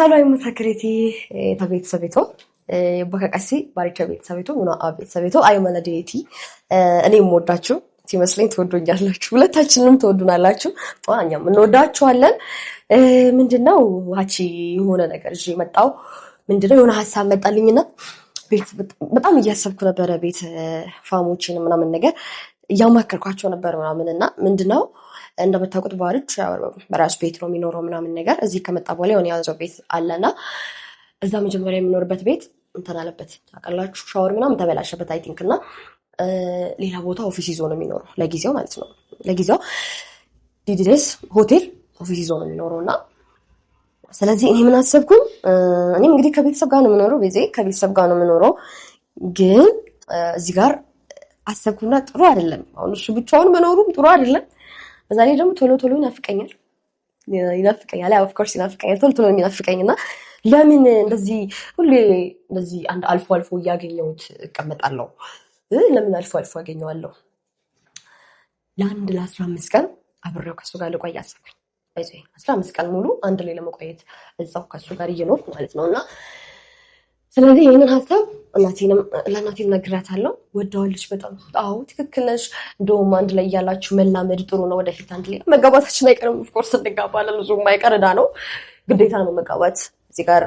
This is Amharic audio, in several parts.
ሰላዊ ሳልዋይ ሙታ ክሬቲ እታ ቤተሰቤቶ የቦከቀሲ ባሪቻ ቤተሰቤቶ ሙና ቤተሰቤቶ አይመለደቲ eh, እኔ የምወዳችሁ ሲመስለኝ ትወዱኛላችሁ። ሁለታችንም ትወዱናላችሁ። እኛም እንወዳችኋለን። eh, ምንድነው ሀቺ የሆነ ነገር እ መጣው ምንድነው የሆነ ሀሳብ መጣልኝና በጣም እያሰብኩ ነበረ ቤት eh, ፋሞችን ምናምን ነገር እያማከርኳቸው ነበር ምናምን እና ምንድነው እንደምታውቁት ባህሪች በራሱ ቤት ነው የሚኖረው ምናምን ነገር። እዚህ ከመጣ በኋላ የሆነ የያዘው ቤት አለና እዛ መጀመሪያ የሚኖርበት ቤት እንትን አለበት ታውቃላችሁ፣ ሻወር ምናምን ተበላሸበት አይ ቲንክ እና ሌላ ቦታ ኦፊስ ይዞ ነው የሚኖረው ለጊዜው ማለት ነው። ለጊዜው ዲዲሬስ ሆቴል ኦፊስ ይዞ ነው የሚኖረው እና ስለዚህ እኔ ምን አሰብኩኝ፣ እኔም እንግዲህ ከቤተሰብ ጋር ነው የምኖረው፣ ቤዜ ከቤተሰብ ጋር ነው የምኖረው። ግን እዚህ ጋር አሰብኩና ጥሩ አይደለም አሁን እሱ ብቻውን መኖሩም ጥሩ አይደለም። በዛ ላይ ደግሞ ቶሎ ቶሎ ይናፍቀኛል ይናፍቀኛል ያው ኦፍኮርስ ይናፍቀኛል ቶሎ ቶሎ የሚናፍቀኝ እና ለምን እንደዚህ ሁሌ እንደዚህ አንድ አልፎ አልፎ እያገኘሁት እቀመጣለሁ ለምን አልፎ አልፎ አገኘዋለሁ ለአንድ ለአስራ አምስት ቀን አብሬው ከሱ ጋር ልቆይ አሰብኩኝ አስራ አምስት ቀን ሙሉ አንድ ላይ ለመቆየት እዛው ከሱ ጋር እየኖርኩ ማለት ነው እና ስለዚህ ይህንን ሀሳብ ለእናቴም ነግራታለሁ። ወደዋለች በጣም አዎ፣ ትክክል ነሽ። እንደውም አንድ ላይ እያላችሁ መላመድ ጥሩ ነው። ወደፊት አንድ ላይ መጋባታችን አይቀርም። ኦፍኮርስ እንጋባለን። ብዙ የማይቀር ነው፣ ግዴታ ነው መጋባት። እዚህ ጋር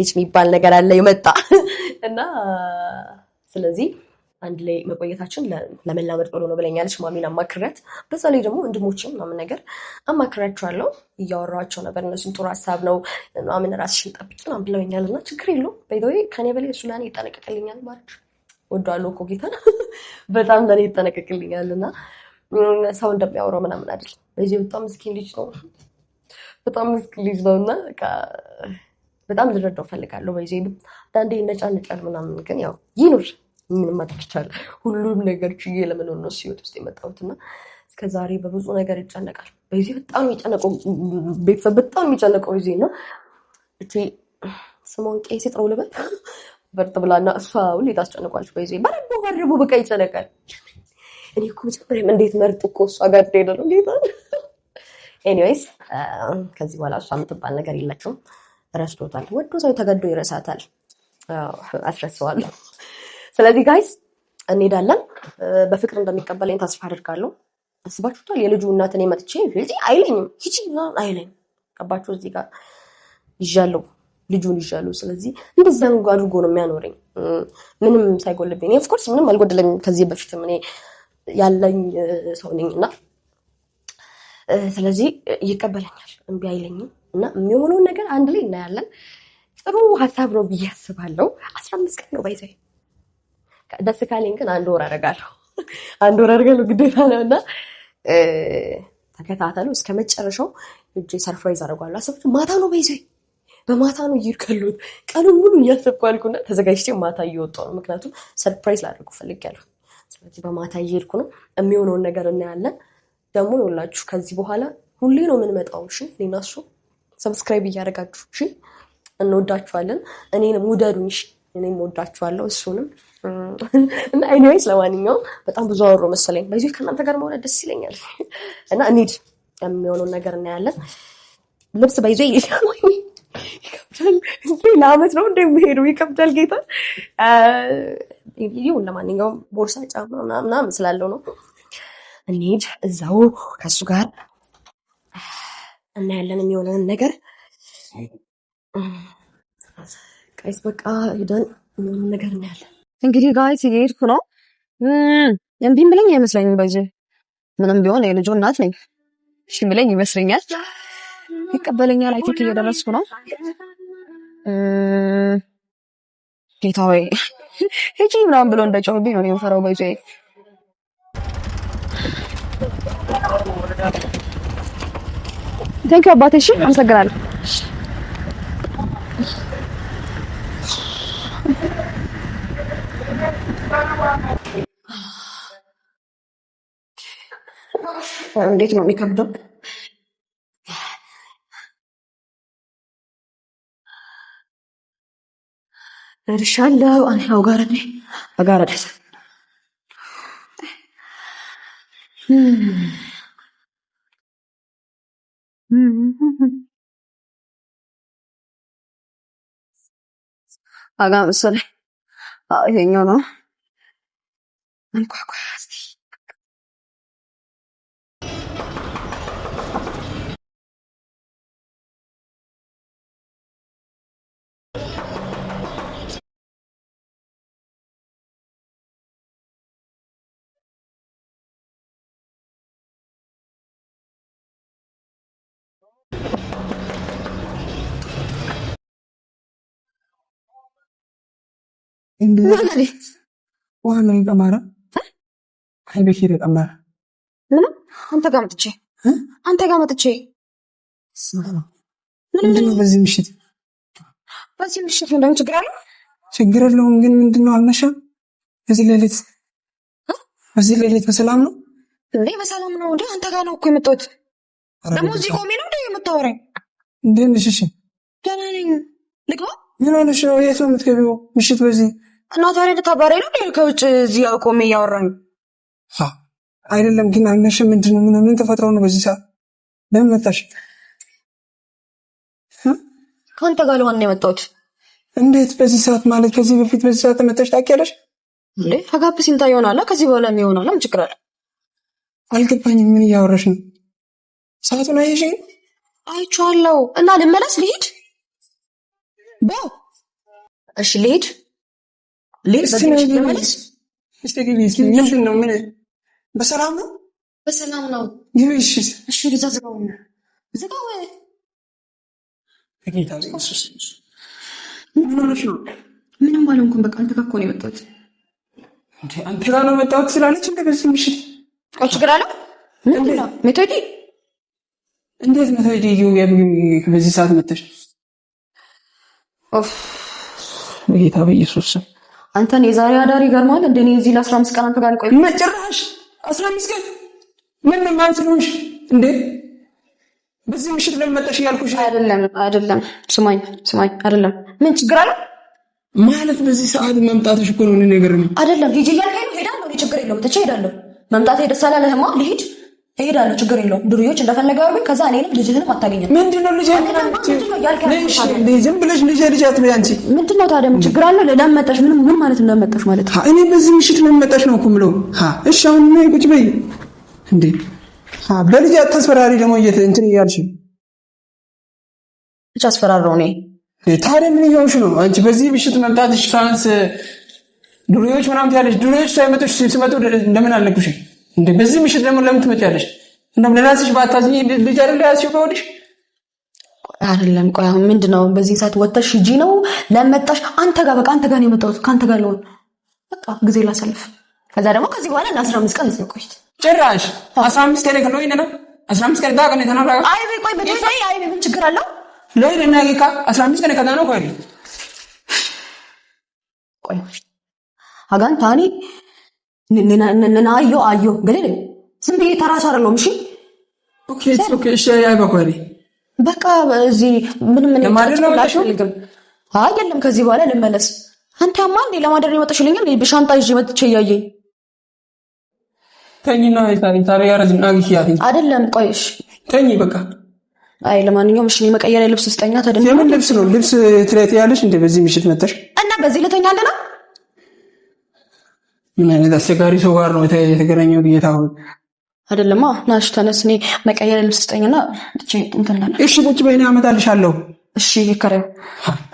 ልጅ የሚባል ነገር አለ የመጣ እና ስለዚህ አንድ ላይ መቆየታችን ለመላመድ ጥሩ ነው ብለኛለች። ማሚን አማክረት፣ በዛ ላይ ደግሞ ወንድሞችም ምናምን ነገር አማክራቸዋለሁ። እያወራኋቸው ነበር። እነሱም ጥሩ ሀሳብ ነው ምናምን ራስሽን ጠብቂ ምናምን ብለውኛል። እና ችግር የለውም በይተወይ ከኔ በላይ እሱ ለእኔ ይጠነቀቅልኛል። ማለች ወደዋለሁ እኮ ጌታን በጣም ለእኔ ይጠነቀቅልኛል። እና ሰው እንደሚያወራው ምናምን አይደለም። በዚህ በጣም ምስኪን ልጅ ነው። በጣም ምስኪን ልጅ ነው እና በጣም ልረዳው ፈልጋለሁ። በዚህ አንዳንዴ ነጫል ምናምን፣ ግን ያው ይኑር ምንም ይቻላል። ሁሉም ነገር ችዬ ለመኖር ነው ህይወት ውስጥ የመጣሁት እና እስከዛሬ በብዙ ነገር ይጨነቃል። በዚህ በጣም የሚጨነቀው ቤተሰብ በጣም የሚጨነቀው ጊዜ ነው እ ስሞን ቄስ ጥረው ልበል በርጥ ብላና እሷ ሁሌ ታስጨንቋለች። በዜ በረቦ በረቦ በቃ ይጨነቃል። እኔ እኮ መጀመሪያም እንዴት መርጥ እኮ እሷ ጋር ደሄደ ነው ጌታ። ኤኒዌይስ ከዚህ በኋላ እሷ የምትባል ነገር የለችም። ረስቶታል። ወዶ ሰው ተገዶ ይረሳታል። አስረስዋለሁ ስለዚህ ጋይስ እንሄዳለን። በፍቅር እንደሚቀበለኝ ተስፋ አድርጋለሁ። አስባችሁታል? የልጁ እናት እኔ መጥቼ ሂጂ አይለኝም፣ ሂጂ አይለኝ። ገባችሁ? እዚህ ጋር ይዣለሁ፣ ልጁን ይዣለሁ። ስለዚህ እንደዛ አድርጎ ነው የሚያኖረኝ፣ ምንም ሳይጎልብኝ። ኦፍኮርስ ምንም አልጎደለኝ ከዚህ በፊት እኔ ያለኝ ሰው ነኝ እና ስለዚህ ይቀበለኛል፣ እምቢ አይለኝም እና የሚሆነውን ነገር አንድ ላይ እናያለን። ጥሩ ሀሳብ ነው ብዬ አስባለሁ። አስራ አምስት ቀን ነው ባይዘኝ ደስ ካለኝ ግን አንድ ወር አደርጋለሁ። አንድ ወር አደርጋለሁ ግዴታ ነው እና ተከታተሉ እስከ መጨረሻው። እጅ ሰርፕራይዝ አደርጓለሁ። አሰብኩት ማታ ነው በይዘ በማታ ነው እየሄድኩ ያለሁት። ቀኑን ሙሉ እያሰብኩ አልኩና ተዘጋጅቼ ማታ እየወጣሁ ነው። ምክንያቱም ሰርፕራይዝ ላደርጉ ፈልጌያለሁ። ስለዚህ በማታ እየሄድኩ ነው። የሚሆነውን ነገር እናያለን። ደግሞ ይኸውላችሁ ከዚህ በኋላ ሁሌ ነው የምንመጣው። እሺ እኔና እሱ ሰብስክራይብ እያደረጋችሁ እሺ። እንወዳችኋለን። እኔንም ውደዱኝ እሺ። እኔም ወዳችኋለሁ እሱንም እና ኤኒዌይስ ለማንኛውም በጣም ብዙ አወሩ መሰለኝ። በዚህ ከእናንተ ጋር መውለድ ደስ ይለኛል እና እንሂድ የሚሆነውን ነገር እናያለን። ልብስ በይዞ ይከብዳል እንዴ? ለአመት ነው እንደ ሄዱ ይከብዳል። ጌታ ይሁን። ለማንኛውም ቦርሳ፣ ጫማ ምናምን ስላለው ነው። እንሂድ እዛው ከእሱ ጋር እናያለን የሚሆነውን ነገር ጋይስ በቃ ሄደን ምንም ነገር እናያለን። እንግዲህ ጋይስ እየሄድኩ ነው። እምቢም ብለኝ አይመስለኝም። በዚህ ምንም ቢሆን የልጆ እናት ነኝ። እሺ ብለኝ ይመስለኛል ይቀበለኛል። አይ ቲንክ እየደረስኩ ነው። ጌታ ወይ ሂጂ ምናምን ብሎ እንደጮህብኝ ነው የምፈራው። በዚ ቴንኪው አባቴ። እሺ አመሰግናለሁ። እንዴት ነው የሚከብደው? ደርሻለሁ። አንሃው ጋር እኔ አጋራ ደስ አጋ መሰለኝ ይሄኛው ነው። 꽉꽉. 와, no, cámara. አይቤ ኬት የጠመረ ምን አንተ ጋር መጥቼ አንተ ጋር መጥቼ ምንድነው? በዚህ ምሽት በዚህ ምሽት ምንድን ችግር አለ ችግር የለውም ግን ምንድን ነው አልመሸም? በዚህ ሌሊት በዚህ ሌሊት በሰላም ነው እንዴ? በሰላም ነው እንዴ? አንተ ጋር ነው እኮ የመጣሁት። ደግሞ እዚህ ቆሜ ነው እንዴ የምታወራኝ? እንዴ ነሽ? እሺ ደህና ነኝ። ልግባ? ምን ሆነሽ ነው? የት ነው የምትገቢው? ምሽት በዚህ እና ታዲያ ልታባሪ ነው ከውጭ እዚህ ቆሜ እያወራኝ አይደለም ግን አልነሽ ምንድን ነው ምን ተፈጥሮ ነው። በዚህ ሰዓት ለምን መጣሽ? ከአንተ ጋር ለዋና የመጣሁት እንዴት? በዚህ ሰዓት ማለት ከዚህ በፊት በዚህ ሰዓት መጣሽ ታውቂያለሽ እንዴ? ፈጋብ ሲንታ ይሆናላ ከዚህ በኋላ የሚሆናላ ምን ችግር አለ? አልገባኝም። ምን እያወራሽ ነው? ሰዓቱን አየሽ? አይቼዋለሁ። እና ልመለስ ልሂድ? በ እሺ ልሂድ ልሂድ። በዚህ ልመለስ። እስቲ ግን ምንድን ነው ምን በሰላም ነው። በሰላም ነው። ይህ እሺ፣ ልጃ ዝጋው፣ ዝጋው። በጌታ ሱስ ምንም አልሆንኩም። በቃ አንተ ጋር እኮ ነው የመጣሁት። አንተ ጋር ነው የመጣሁት ስላለች እንደ በዚህ ምሽት ቆይ፣ ችግር አለ ሜቶዲ፣ እንዴት ሜቶዲ በዚህ ሰዓት መተሽ? ጌታ በጌታ በኢየሱስ አንተን የዛሬ አዳሪ ገርማል። እንደኔ እዚህ ለአስራ አምስት ቀን አንተ ጋር ቆይ መጭራሽ አስራ አምስት ቀን ምን ማንስሉሽ እንዴ በዚህ ምሽት ለመጠሽ ያልኩሽ አይደለም ስማኝ፣ ስማኝ አይደለም። ምን ችግር አለ ማለት በዚህ ሰዓት መምጣትሽ እኮ ነው እኔ ነገር ነው አይደለም። ሂጂ እያልከኝ ነው። ሄዳለሁ፣ ችግር የለውም። ትቼ ሄዳለሁ። መምጣት ደስ አላለህማ ልሂድ እሄዳለሁ ችግር የለውም። ዱርዮች እንደፈለገ አርጉኝ። ከዛ እኔንም ልጅህንም አታገኘም። ምንድነው ልጅ ዝም ብለሽ ልጅ ልጅ አትበይ ምንድነው ታዲያ ችግር አለው? ለምን መጣሽ? ምንም ምን ማለት ለምን ማለት እኔ በዚህ ምሽት ለምን መጣሽ ነው እኮ የምለው። እሺ፣ አሁን ነይ ቁጭ በይ እንዴ። በልጅ አታስፈራሪ ደግሞ እንትን እያልሽ ልጅ አስፈራራው እኔ። ታዲያ ምን እያልሽ ነው አንቺ? በዚህ ምሽት መምጣትሽ ቻንስ ዱርዮች ምናምን ትያለሽ። ዱርዮች ሳይመጡሽ ሲመጡ ለምን አልነግርሽም? እንዴ በዚህ ምሽት ደግሞ ለምን ትመጫለሽ? እንደውም ለራስሽ ባታዝኝ ልጅ አይደለ ያዝሽው በሆድሽ አይደለም። ቆይ አሁን ምንድን ነው በዚህ ሰዓት ወጥተሽ ሂጂ ነው ለመጣሽ? አንተ ጋር በቃ አንተ ጋር ነው የመጣሁት። ከአንተ ጋር ልሆን በቃ ጊዜ ላሳልፍ። ከዛ ደግሞ ከዚህ በኋላ ለአስራ አምስት ቀን እዚህ ቆይት ጭራሽ አስራ አምስት ቀን ነው ይነና ነው አስራ አምስት ቀን ዳቅ ነው የተናራ አይ ቤ ቆይ በቶ አይ ቤ ምን ችግር አለው ለይ ደናጊካ አስራ አምስት ቀን ከዛ ነው ቆይ ቆይ አጋን አጋንታኒ አየሁ አየሁ ግን ዝም ብዬ ተራሱ አይደለሁም። እሺ በቃ እዚህ ምንም ምን ከዚህ በኋላ ልመለስ። አንተ እንዴ ለማደር ይመጣሽልኛል። በሻንጣ ይዤ መጥቼ እያየኝ ተኝና ይታሪ ታሪ ያረዝ ናግሽ አይደለም። ተኝ በቃ አይ ለማንኛውም እሺ፣ መቀየሪያ ልብስ ስጠኛ። ተደምሞ የምን ልብስ ነው ልብስ ትለያለሽ እንዴ በዚህ ምሽት መጣሽ እና በዚህ ልተኛለና ምን አይነት አስቸጋሪ ሰው ጋር ነው የተገናኘው? ጌታ ሆይ አይደለማ። ናሽ ተነስ፣ እኔ መቀየር ልብስ ስጠኝና እንትንላለ። እሺ ቁጭ በይኔ አመጣልሻለሁ። እሺ ይከረ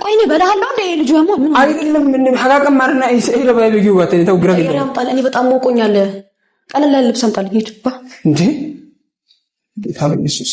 ቆይ እኔ በላሃለሁ። እንደ ልጁ ያማ አይደለም ምን ሀቃቀማርና ይሄ ባይ ልጁ ወጥ ነው ተውግራ ይሄ እኔ በጣም ሞቆኛል። ቀለል ያለ ልብስ አምጣልኝ። ሂድ ባ እንዴ ጌታ ኢየሱስ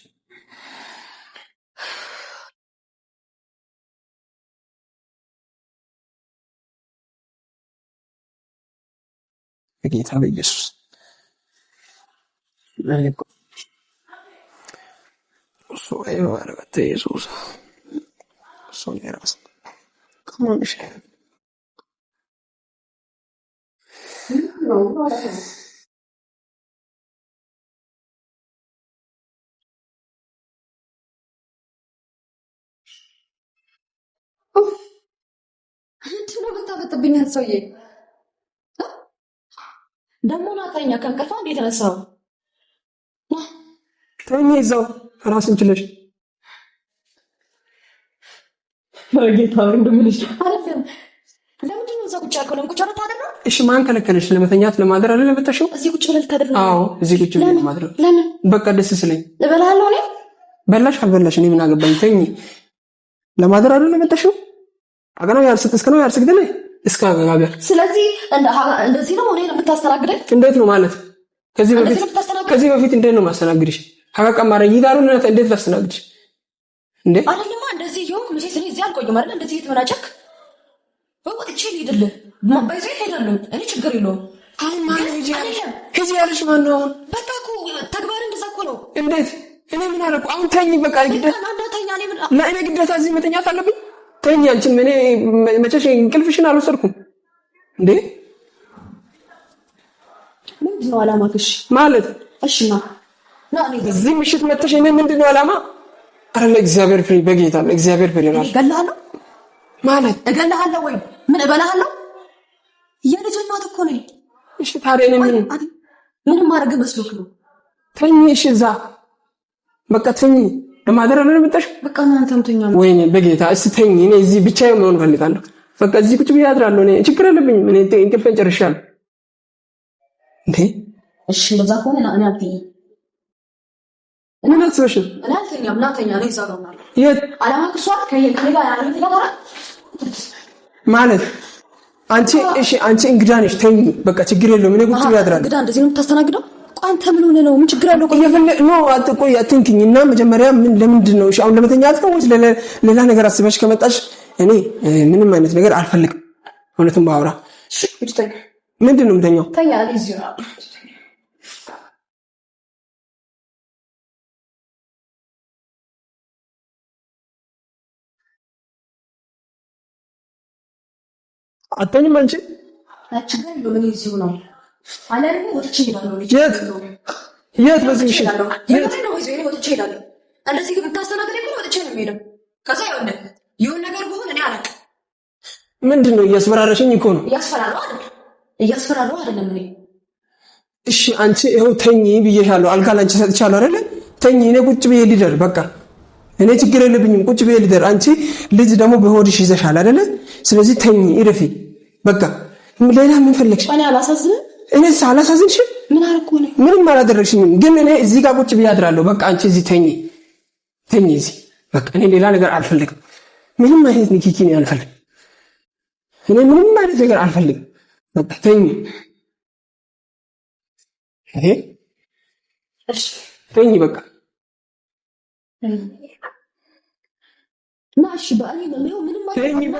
Ve Kitab Jesús. Sueño de Jesús. Soñarás. Como Michelle. Ano, sino ba tapat tabi niyan, Soye? ደግሞ ናተኛ ከእንቅልፏ እንዴት ነሳው? ተኛ ይዘው ራስን ችለሽ ጌታ ወንድምልሽ አረፍም ለምንድን ነው እዛ ቁጭ ያልከው? ለምን ቁጭ ብለህ ታደርና? እሺ ማን ከለከለሽ? ለመተኛት ለማደር አይደለ የመጣሽው? እዚህ ቁጭ ብለህ ልታደርና? አዎ እዚህ ቁጭ ብለህ ለማድረግ። ለምን? በቃ ደስ ስለኝ እበላለሁ። እኔ በላሽ አልበላሽ እኔ ምን አገባኝ? ተኝ ለማደር አይደለ የመጣሽው? አገናው ያርስክ እስከ ነው ያርስክ ደለ እስከ መናገር። ስለዚህ እንደዚህ ነው እኔ የምታስተናግደኝ? እንዴት ነው ማለት ከዚህ በፊት ከዚህ በፊት እንዴት ነው ማስተናግድሽ? ሀቃቃ ማረኝ ይዳሩን እና እንዴት ላስተናግድሽ እንዴ? አይደለም እንደዚህ ይሁን ምንሽ እኔ እዚህ አልቆይም አይደል? እንደዚህ እየተመናጨክ ወጥቼ ልሂድል ማባይዘ ሄዳለሁ እኔ ችግር የለውም። አሁን ማለት ሂጂ ሂጂ ያለሽ ማን ነው? አሁን በቃ እኮ ተግባር እንደዛ እኮ ነው። እንዴት እኔ ምን አደረኩ? አሁን ተኝ በቃ ግዴታ ለእኔ ግዴታ እዚህ መተኛት አለብኝ ተኝ አንቺም እኔ መቼሽ እንቅልፍሽን አልወሰድኩም እንዴ ምንድነው አላማሽ ማለት እሺማ እዚህ ምሽት መጥተሽ እኔ ምንድነው አላማ አረ ለእግዚአብሔር ፍሬ በጌታ ለእግዚአብሔር ፍሬ ራሱ እገልሃለሁ ማለት እገልሃለሁ ወይ ምን እበላሃለሁ የልጅ እናት እኮ ነኝ እሺ ታዲያ እኔ ምን ምንም ማድረግ መስሎክ ነው ተኝ እሺ እዛ በቃ ተኝ ለማደር ነው የመጣሽ? በቃ እናንተም ተኛ። ወይኔ በጌታ እስተኝ። እኔ እዚህ ብቻዬን መሆን ፈልጋለሁ። በቃ እዚህ ቁጭ ብዬ አድራለሁ። እኔ ችግር አለብኝ። እኔ እንቅልፌን ጨርሻለሁ። እንዴ እሺ፣ እንደዛ ከሆነ እኔ አልተኛም። ምን አስበሽ? እኔ አልተኛም። ና ተኛ። እኔ እዛው እሆናለሁ። የት አላማ ክሷል ከየቀለጋ ያለው ማለት አንቺ እሺ፣ አንቺ እንግዳ ነሽ። ተኝ በቃ ችግር የለውም። እኔ ቁጭ ብዬ አድራለሁ። እንግዳ እንደዚህ ነው የምታስተናግደው? አንተ ምን ሆነ ነው? ምን ችግር አለው? ቆይ አትንኪኝ እና መጀመሪያ ምን ለምንድን ነው አሁን ለመተኛት ነው ወይስ ሌላ ነገር አስበሽ ከመጣሽ እኔ ምንም አይነት ነገር አልፈልግም። እውነቱን ባወራ ምንድን ነው የምተኛው? አተኝም አንቺ ችግር ነው አለርም ወጥቼ እሄዳለሁ። የት የት በዚህ ምሽት እንደዚህ ግን ብታስተናግድ እኮ ወጥቼ ነው የምሄደው። ከዛ ይሁን ይሁን ነገር ብሆን እኔ አላውቅም። ምንድን ነው እያስፈራረሽኝ እኮ ነው። እያስፈራረው አይደለም እያስፈራረው አይደለም እኔ እሺ አንቺ ይኸው ተኝ ብዬሻለሁ። አልጋ ላንቺ ሰጥቻለሁ አይደለ? ተኝ እኔ ቁጭ ብዬ ሊደር በቃ እኔ ችግር የለብኝም። ቁጭ ብዬ ሊደር አንቺ ልጅ ደግሞ በሆድሽ ይዘሻል አይደለ? ስለዚህ ተኝ ይረፊ በቃ። ሌላ ምን ፈለግሽ? እኔ አላሳዝንም እኔ ሳላሳዝንሽም ምንም አላደረግሽኝም፣ ግን እኔ እዚህ ጋር ቁጭ ብዬ አድራለሁ። በቃ አንቺ እዚህ ተኝ ተኝ፣ እዚህ በቃ እኔ ሌላ ነገር አልፈልግም። ምንም አይነት ንኪኪ ነው አልፈልግም። እኔ ምንም አይነት ነገር አልፈልግም። በቃ ተኝ ተኝ፣ በቃ ናሽ በቃ ምንም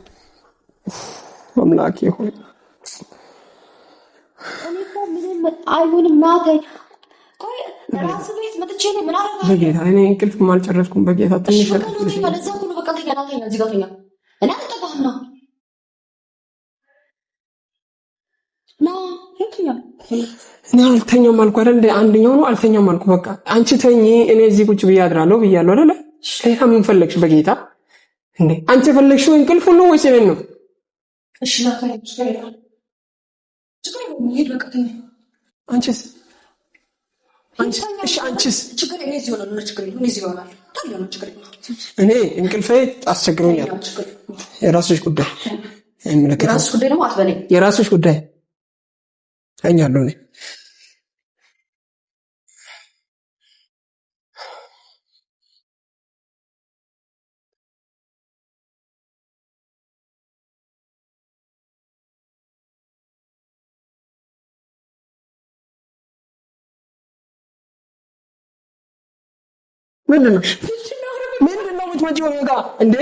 አምላክ ይሁን። እኔ እኮ ምን በጌታ እኔ እንቅልፍ አልጨረስኩም። በጌታ ትንሽ እኔ ነው አልተኛም አልኩ አይደል? አንደኛው ነው አልተኛም አልኩ። በቃ አንቺ ተኚ፣ እኔ እዚህ ቁጭ ብዬ አድራለሁ ብያለሁ አይደለ? ሌላ ምን ፈለግሽ? በጌታ እንዴ አንቺ የፈለግሽው እንቅልፍ ሁሉ ወይስ ነው? እሺ እኔ እንቅልፌ አስቸግሮኛል ችግር ጉዳይ የራስሽ ጉዳይ ጉዳይ ተኛለሁ እኔ ምንድን ነው ምንድን ነው የምትመጪው እኔ ጋር እንዴ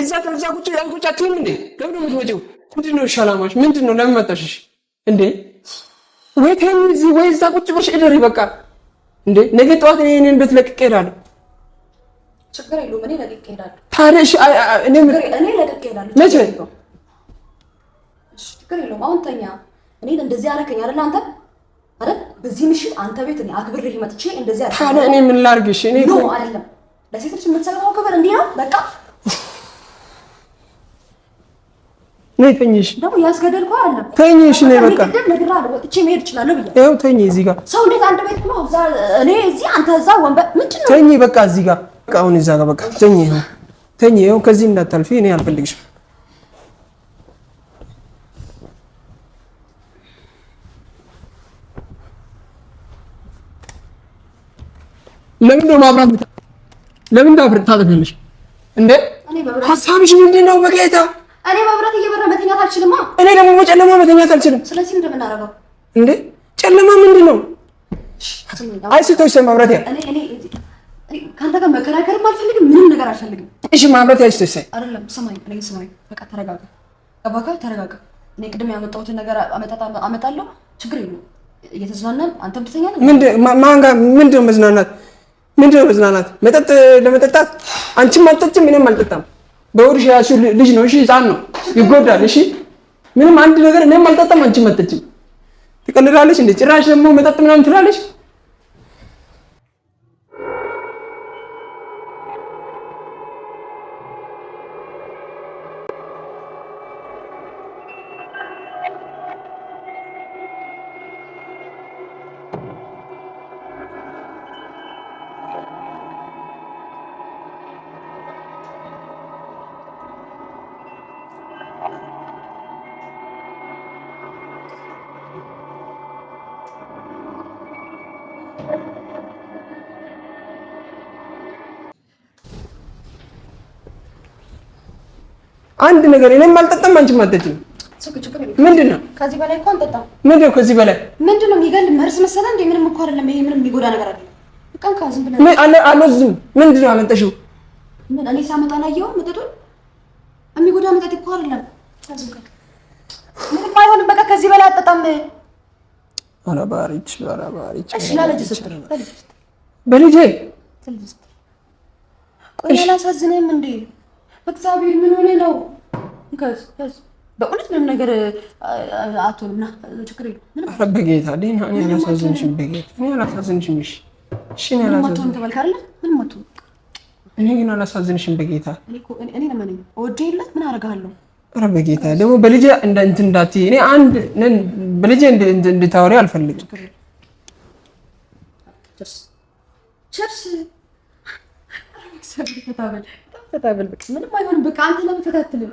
እዛ ከዛ ቁጭ ያልኩጭ አትልም እንዴ ለምን የምትመጪው ምንድን ነው ሻላማሽ ምንድን ነው ለምን መጣሽሽ እንዴ ወይ ከዚህ ወይ እዛ ቁጭ ብለሽ እደሪ በቃ እንዴ ነገ ጠዋት እኔ እኔን ቤት ለቅቄ እሄዳለሁ ችግር የለውም እኔ ለቅቄ እሄዳለሁ ታዲያ እሺ እኔ ለቅቄ እሄዳለሁ መቼ ችግር የለውም አሁን ተኛ እኔ እንደዚህ አደረከኝ አይደል አንተ አይደል? በዚህ ምሽት አንተ ቤት እኔ አክብር መጥቼ እንደዚህ አይደል? ታዲያ እኔ ምን ላድርግሽ? እኔ ነው አይደለም ለሴት ልጅ የምትሰጠው ክብር እንዲህ ነው። በቃ ነይ ተኝሽ። ደግሞ አይደለም። ተኝሽ ነይ በቃ ወጥቼ መሄድ እችላለሁ ይኸው ተኝ እዚህ ጋር። ሰው እንዴት አንድ ቤት ነው? እኔ እዚህ አንተ እዛ ወንበር ምንድን ነው? ተኝ በቃ እዚህ ጋር። በቃ አሁን እዛ ጋር በቃ ተኝ። ይኸው ተኝ። ይኸው ከዚህ እንዳታልፊ እኔ አልፈልግሽም። ለምን ነው ማብራት? ለምን ዳፍር ታደርጋለሽ እንዴ? ሀሳብሽ ምንድን ነው? በጌታ እኔ መብራት እየበራ መተኛት አልችልማ። እኔ ደግሞ በጨለማ መተኛት አልችልም። ስለዚህ እንደምናደርገው እንዴ? ጨለማ ምንድን ነው? አይ ስቶች ሳይ ማብራት ያ እኔ እኔ ከአንተ ጋር መከራከርም አልፈልግም። ምንም ነገር አልፈልግም። እሺ ማብራት ያ ስቶች ሳይ አይደለም። ስማኝ፣ እኔ ስማኝ፣ በቃ ተረጋጋ። ገባካ? ተረጋጋ። እኔ ቅድም ያመጣሁትን ነገር አመጣለሁ። ችግር የለውም። እየተዝናናን አንተም ትተኛለህ። ምንድን ማን ጋር ምንድን ነው መዝናናት ምንድን ነው መዝናናት? መጠጥ ለመጠጣት አንቺም አልጠጭም እኔም አልጠጣም። በውርሽ ያሱ ልጅ ነው። ህፃን ነው ይጎዳል። እሺ ምንም አንድ ነገር እኔም አልጠጣም አንቺም አልጠጭም። ትቀልዳለች እንደ ጭራሽ ደግሞ መጠጥ ምናምን ትላለች። አንድ ነገር እኔም አልጠጣም፣ አንቺም አልጠጪም። ምንድን ነው ከዚህ በላይ እኮ አልጠጣም። ምንድን ነው ከዚህ በላይ ምንድን ነው የሚገል መርዝ መሰለህ እንዴ? ምንም እኮ አይደለም። ይሄ ምንም የሚጎዳ ነገር አይደለም። በቃ ዝም ብለህ አልወዝም። ምንድን ነው አመጣሽው? ምን እኔ ሳመጣ ላየው መጠጡን የሚጎዳ መጠጥ እኮ አይደለም። ምንም አይሆንም። በቃ ከዚህ በላይ አጠጣም። ኧረ ባሪች፣ ኧረ ባሪች። እሺ ላለጅ ስትል በልጄ ቆይ አላሳዝንም እንዴ? በእግዚአብሔር ምን ሆነ ነው በእውነት ምንም ነገር አትሆንም። ና ችግር የለም። በጌታ አላሳዝንሽም። በጌታ አላሳዝንሽም። እሺ እሺ፣ ተባልክ አይደለ? ምንም አትሆንም። እኔ ግን አላሳዝንሽም። በጌታ እኔ ወደ የለ ምን አደርግሃለሁ? ኧረ በጌታ ደግሞ በልጄ እንትን እንዳትዪ። እኔ አንድ በልጄ እንድታወሪ አልፈልግም። ምንም አይሆንም። በቃ አንተ ለምን ፈታትልም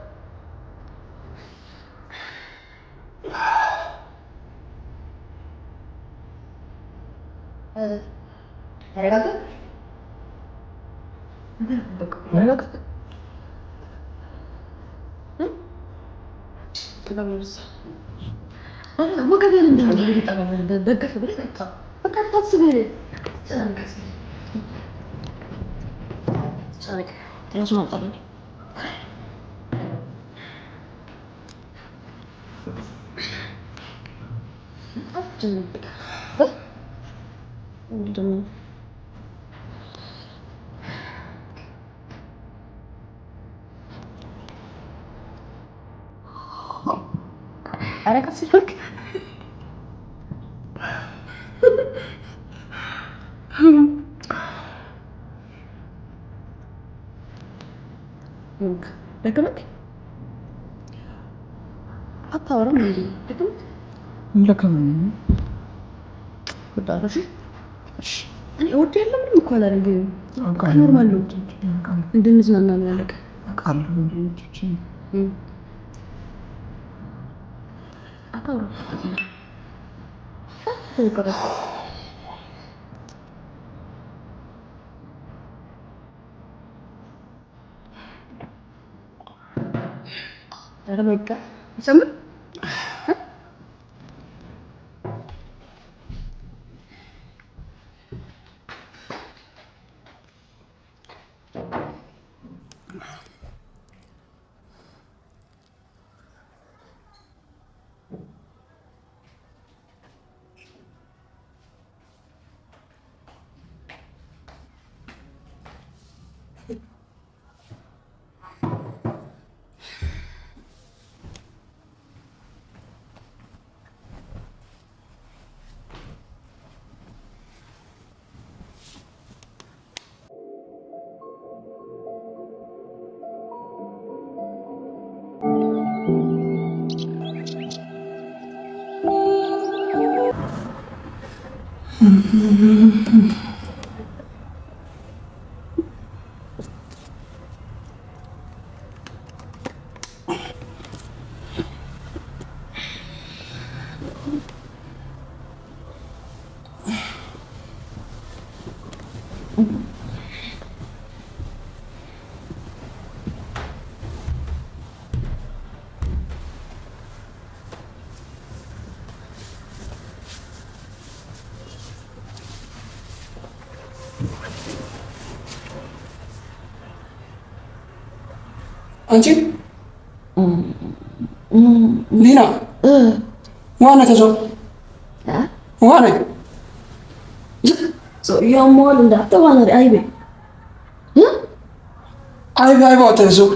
ተረጋጋ። ወገብ ኧረ ቀስ ይልክ አታወራም እንዴ? ደግመህ ለከምን ወዳሽ እኔ ወድ ያለ ምንም እኮ አላደረግም። ኖርማል ነው። እንድንዝናና ነው ያለቀ አቃሉ 頭をということです。Ahora me cae. አንቺ ሊና ዋና ተሰው ዋና ያሟል እንዳትዋና አይቤ አይቤ አይቤ ተሰው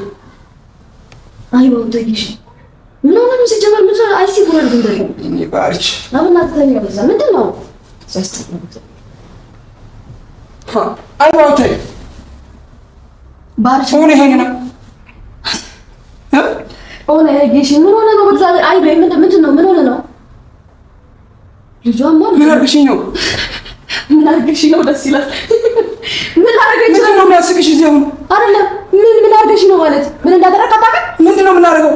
አይቤ ወደሽ ምን ሆነ ነው ሲጀመር ምን ሰራ አይሲ ጉረድ ጉረድ እኔ ባርች አብና ተተኛ በዛ ምንድነው ዘስት አይቤ ወደ ባርች ሆነ ይሄን ነው ሆነ ጌሽ ምን ሆነ ነው? በእግዚአብሔር አይ በይ ምንድን ነው? ምን ሆነ ነው? ልጇማ ምን አርግሽ ነው? ምን አርግሽ ነው? ደስ ይላል። ምን አርግሽ ነው? ምን ያስቅሽ? እዚህ አሁን አይደለም። ምን ምን አርግሽ ነው ማለት ምን እንዳደረግ አታውቅም። ምንድን ነው የምናደርገው?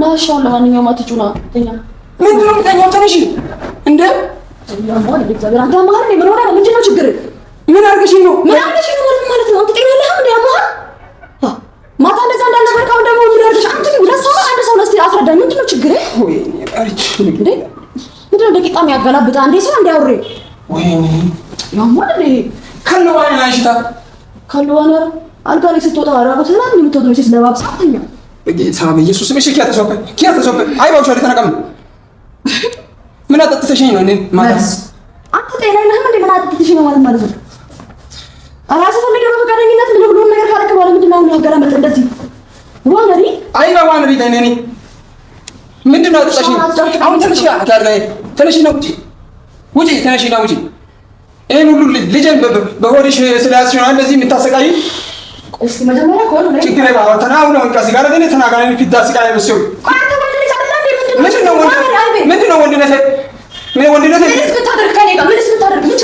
ናሻው ለማንኛውም አትጩና ተኛ። ምንድን ነው የምተኛው? ተነሽ እንደ ምን ሆነ ነው? ምንድን ነው ችግር? ምን አርግሽ ነው? ምን አርግሽ ነው ማለት ነው? አንተ ጤና የለህም እንደ ያመሃል ማታ እንደዛ እንዳልነበር ካሁን ደግሞ የሚደርግሽ አንቺ ሁለት ሰው አንድ ሰው ለስቲ አስረዳኝ። ምንድን ነው ችግር? ምንድን ነው ደቂቃ የሚያገላብጥ አንዴ ሰው አንዴ አውሬ ከልዋነ አልጋ ላይ ስትወጣ ራቁት ላ የምትወጡ ሴት ለባብሳ ተኛ ኢየሱስ ስም ኪያ ተሰበ ኪያ ተሰበ አይ ባውሻ ተናቀም ምን አጠጥተሽኝ ነው? ማታ አንተ ጤና ነህ እንዴ? ምን አጠጥተሽኝ ነው ማለት ማለት ነው ራሱ ፈልገህ በፈቃደኝነት ምን ሁሉም ነገር ካለክ በኋላ ምንድን ነው መጥ እንደዚህ ወንሪ አይ ነው ወነሪ ምንድን ነው አጥጣሽ አሁን ትንሽ አታር ትንሽ ነው ውጪ ውጪ ትንሽ ነው ውጪ ይሄን ሁሉ ልጅን በሆድሽ ስለያዝሽ ነው እንደዚህ የምታሰቃይ ተናው ነው ሲጋራ ነው ሲው ምንድን ነው ምንድን ነው ምን ጋር ምን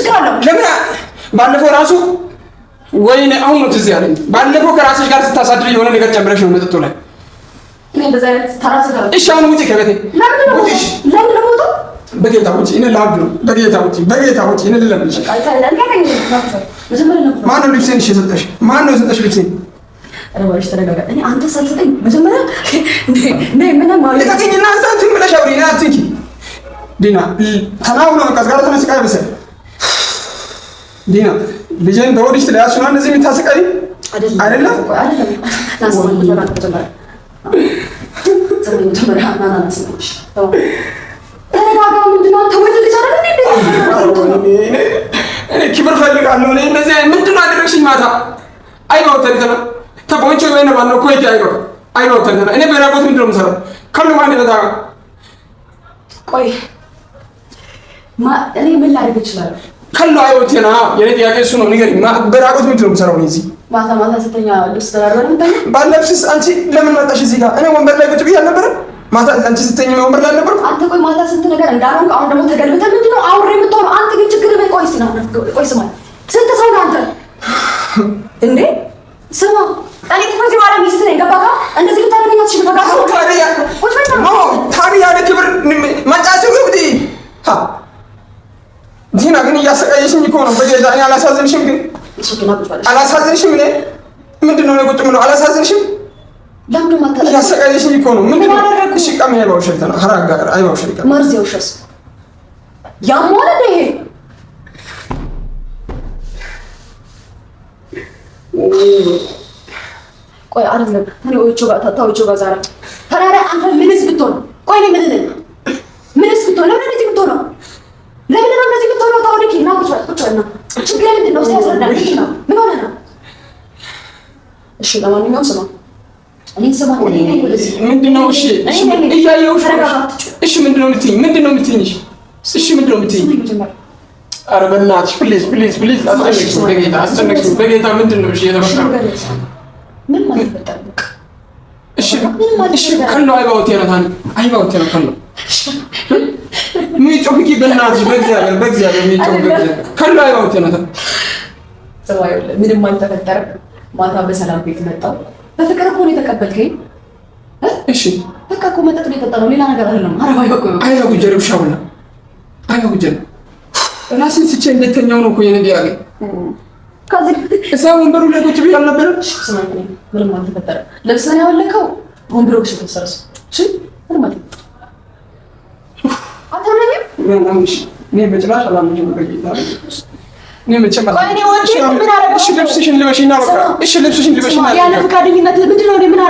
ለምን ባለፈው ራሱ ወይኔ አሁን ነው ትዝ ያለኝ። ባለፈው ከራስሽ ጋር ስታሳድር የሆነ ነገር ጨምረሽ ነው መጠጡ ላይ። እሺ አሁን ውጪ ከቤቴ በጌታ ውጪ። እኔ ለአብድ ነው በጌታ ውጪ፣ በጌታ ውጪ። እኔ ልለምንሽ። ማነው ልብሴን እሺ የሰጠሽ? ማነው የሰጠሽ ልብሴን? አንተ ሳትሰጠኝ መጀመሪያ ልቀቅኝና ሳትን ብለሽ አውሪ። ዲና ተናውሎ በቃ ጋር ተነስቃ ይመስል ዲና ልጄን በወዲሽ ስለያዝሽ ነው እንደዚህ የምታስቀይ አይደለም። ክብር ፈልጋለሁ። እንደዚህ ምንድን ነው አደረግሽኝ? ማታ ተቦንቾ ወይ ነው ባለው እኔ በራቦት ምንድን ነው የምሰራው? ማን ነው ቆይ ማ እኔ ምን ላደርግ እችላለሁ? ከሎ አይወቴና የኔ ጥያቄ እሱ ነው። ንገሪኝ፣ በራቆት ምንድን ነው የምሰራው እዚህ? ማታ ማታ ስተኛ ልብስ ተራረን ባለብስስ አንቺ ለምን መጣሽ እዚህ ጋር? እኔ ወንበር ላይ ቁጭ ብዬ አልነበረም? ማታ አንቺ ስተኛ ወንበር ላይ አልነበረም? አንተ ቆይ ማታ ስንት ነገር እንዳረንክ፣ አሁን ደግሞ ተገልብጠህ ምንድን ነው አውሬ የምትሆን አንተ? ግን ችግር ላይ ቆይ ስና ቆይ ስማ፣ ስንት ሰው ነው አንተ እንዴ? ስማ፣ እኔ ትምህርት ባለ ሚስት ነኝ። ገባህ? እንደዚህ ልታደርገኝ አትችልም። ታዲያ ቤዛ እኔ አላሳዝንሽም፣ ግን አላሳዝንሽም። እኔ ምንድን ነው ቁጭ ምነው አላሳዝንሽም? እያሰቃየሽኝ እኮ ነው። ምንድን ነው እሺ? ቀሚ ቆይ አይደለም እኔ ኦቾ ጋር ታታዎቾ ጋር ዛሬ ተራራ አንተ ምንስ ብትሆን ቆይ ነው ምን ነው ምንስ ብትሆን ለምን እንደዚህ ብትሆን ለምን ነው እንደዚህ ብትሆን ታውልኪ እና ቁጭ ቁጭ ነው ችግር ምንድን ነው? ያስረዳ ነው። ምን ሆነ ነው? እሺ ለማንኛውም ስማ፣ እኔ ስማ፣ እሺ እያየሁሽ። ነው ሚጮህ በእናትሽ በእግዚአብሔር በእግዚአብሔር ሚጮህ በእግዚአብሔር ከላ ያውት ነው ተዋዩ ምንም አልተፈጠረም። ማታ በሰላም ቤት መጣው። በፍቅር እኮ ነው የተቀበልከኝ። እሺ በቃ እኮ መጠጥ ነው የጠጣነው፣ ሌላ ነገር አይደለም። አረባ ይወቁ አይላ ጉጀሩ ሻውላ አይላ ጉጀሩ ራሴን ስቼ እንደተኛው ነው እኮ የነዲ ያገ ከዚህ እዛ ወንበሩ ላይ ቁጭ ብዬ አልነበረም። ምንም አልተፈጠረም። ልብስህን ያወለቀው ወንበሩ ክሽ ተሰርሶ እሺ አታምነኝም? እኔ በጭራሽ አላምንሽም። በጌታ እኔ መቼም አላምንሽም። እሺ ልብስሽን ልበሽና በቃ። እሺ ልብስሽን ልበሽና ያለ ፈቃደኝነት ምንድን ነው?